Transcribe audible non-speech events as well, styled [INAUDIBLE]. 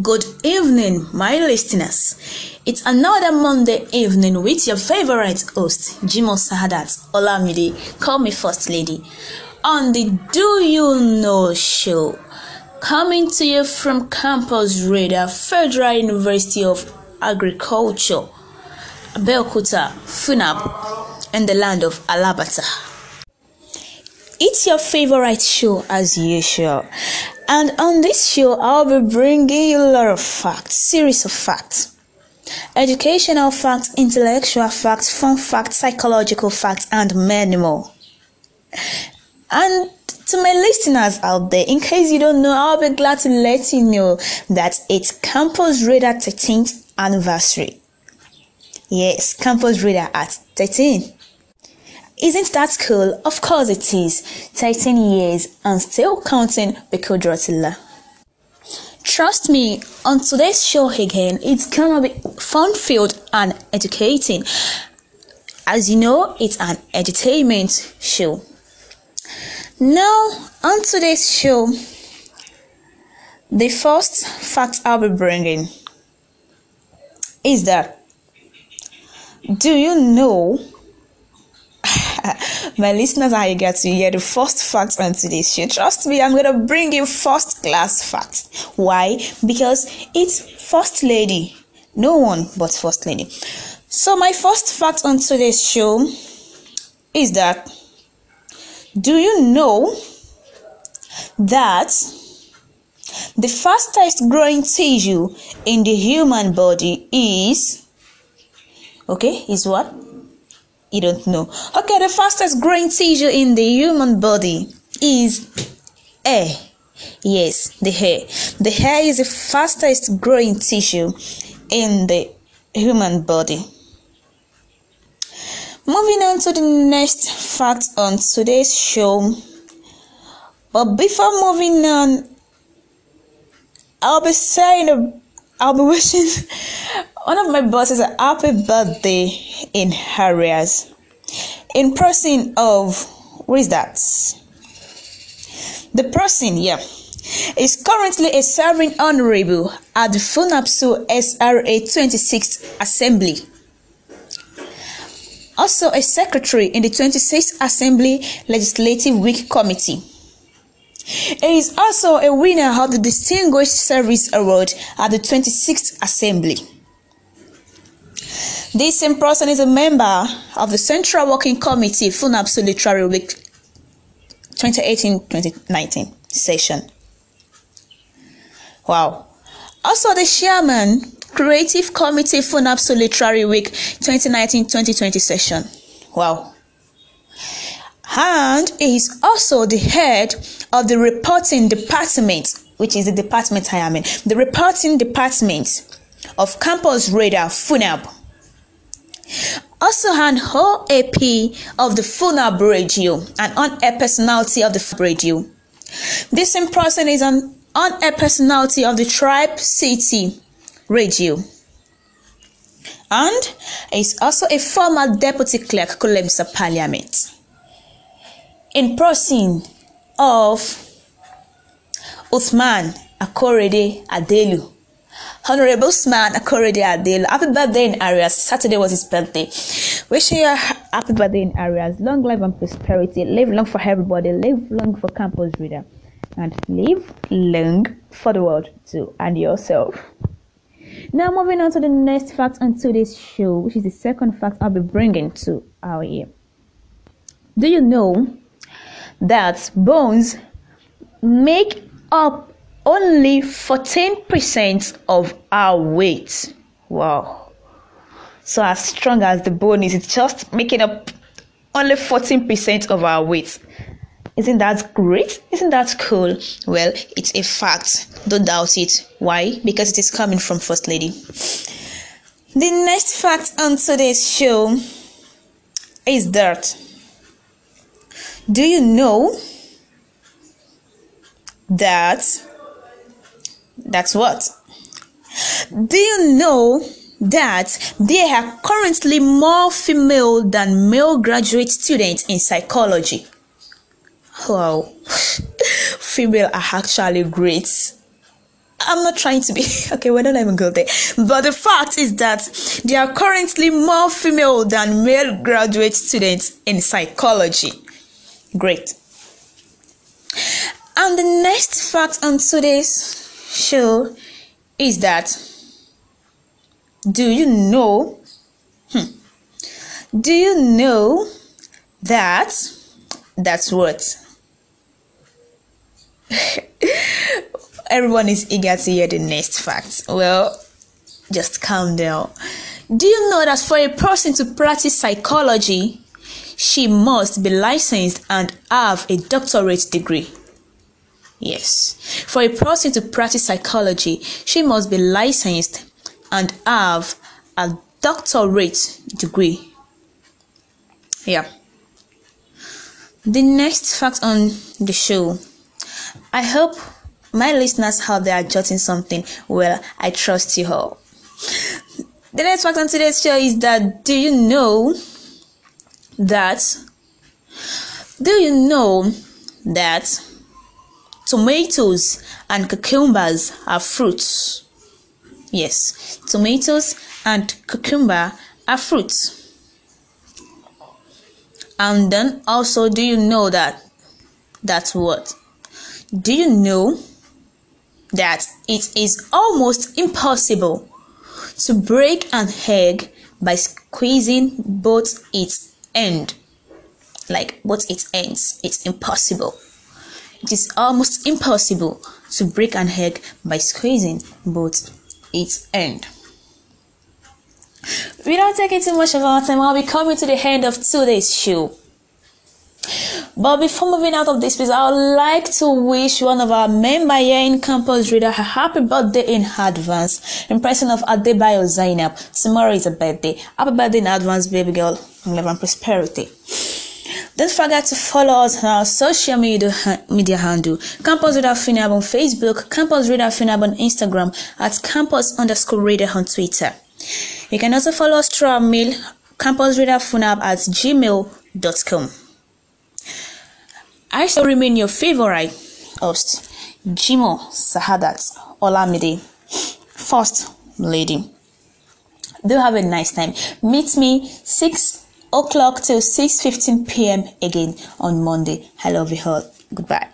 Good evening, my listeners. It's another Monday evening with your favorite host, Jimo Sahadat Olamide. Call me First Lady. On the Do You Know show, coming to you from Campus Radar, Federal University of Agriculture, Belkuta, Funab, and the land of Alabata. It's your favorite show as usual. And on this show, I'll be bringing you a lot of facts, series of facts educational facts, intellectual facts, fun facts, psychological facts, and many more. And to my listeners out there, in case you don't know, I'll be glad to let you know that it's Campus Radar 13th anniversary. Yes, Campus Radar at 13. Isn't that cool? Of course it is. 13 years and still counting Biko Drotilla. Trust me, on today's show again, it's gonna be fun filled and educating. As you know, it's an entertainment show. Now, on today's show, the first fact I'll be bringing is that do you know [LAUGHS] My listeners are eager to hear the first facts on today's show. Trust me, I'm going to bring you first class facts. Why? Because it's First Lady. No one but First Lady. So, my first fact on today's show is that do you know that the fastest growing tissue in the human body is okay, is what? you don't know. Okay, the fastest growing tissue in the human body is hair. Yes, the hair. The hair is the fastest growing tissue in the human body. Moving on to the next fact on today's show. But before moving on, I'll be saying, I'll be [LAUGHS] wishing one of my bosses a happy birthday in Harriers. In person of what is that? The person, yeah, is currently a serving honorable at the FUNAPSU SRA 26th Assembly. Also a secretary in the 26th Assembly Legislative Week Committee. He is also a winner of the Distinguished Service Award at the 26th Assembly. This same person is a member of the Central Working Committee FUNAPSU Literary Week 2018-2019 session. Wow. Also the chairman, Creative Committee FUNAPSU Literary Week 2019-2020 session. Wow. And he is also the head of the reporting department, which is the department I am in, the reporting department of Campus Radar FUNAB also an OAP of the Funa Radio and on air personality of the radio. This in person is an on air personality of the Tribe City Radio. And is also a former deputy clerk, Kolemsa Parliament. In person of Uthman Akorede Adelu Honorable Sman Akorede Adil. Happy birthday in Arias. Saturday was his birthday. Wishing you a happy birthday in Arias. Long life and prosperity. Live long for everybody. Live long for Campus Reader. And live long for the world too and yourself. Now, moving on to the next fact on today's show, which is the second fact I'll be bringing to our ear. Do you know that bones make up only 14% of our weight. Wow. So, as strong as the bone is, it's just making up only 14% of our weight. Isn't that great? Isn't that cool? Well, it's a fact. Don't doubt it. Why? Because it is coming from First Lady. The next fact on today's show is that do you know that that's what. Do you know that there are currently more female than male graduate students in psychology? Wow, [LAUGHS] female are actually great. I'm not trying to be [LAUGHS] okay, we don't even go there. But the fact is that there are currently more female than male graduate students in psychology. Great. And the next fact on today's show is that do you know? Hmm, do you know that? That's what. [LAUGHS] Everyone is eager to hear the next fact. Well, just calm down. Do you know that for a person to practice psychology, she must be licensed and have a doctorate degree? Yes. For a person to practice psychology, she must be licensed and have a doctorate degree. Yeah. The next fact on the show. I hope my listeners out they are jotting something. Well, I trust you all. The next fact on today's show is that do you know that? Do you know that? tomatoes and cucumbers are fruits. Yes, tomatoes and cucumber are fruits. And then also, do you know that? That's what? Do you know that it is almost impossible to break an egg by squeezing both its end? Like both its ends. It's impossible. It is almost impossible to break an egg by squeezing both its end. Without taking too much of our time, I'll be coming to the end of today's show. But before moving out of this space, I would like to wish one of our member here in campus reader a happy birthday in advance. In person of Adebayo Zainab, tomorrow is a birthday. Happy birthday in advance, baby girl, and love and prosperity. Don't forget to follow us on our social media, media handle Campus Radar Funab on Facebook, Campus Radar Funab on Instagram, at Campus underscore Radar on Twitter. You can also follow us through our mail Campus Funab at gmail.com. I shall remain your favorite host, Jimo Sahadat Olamide, first lady. Do have a nice time. Meet me 6 o'clock till 6.15 p.m. again on Monday. I love you all. Goodbye.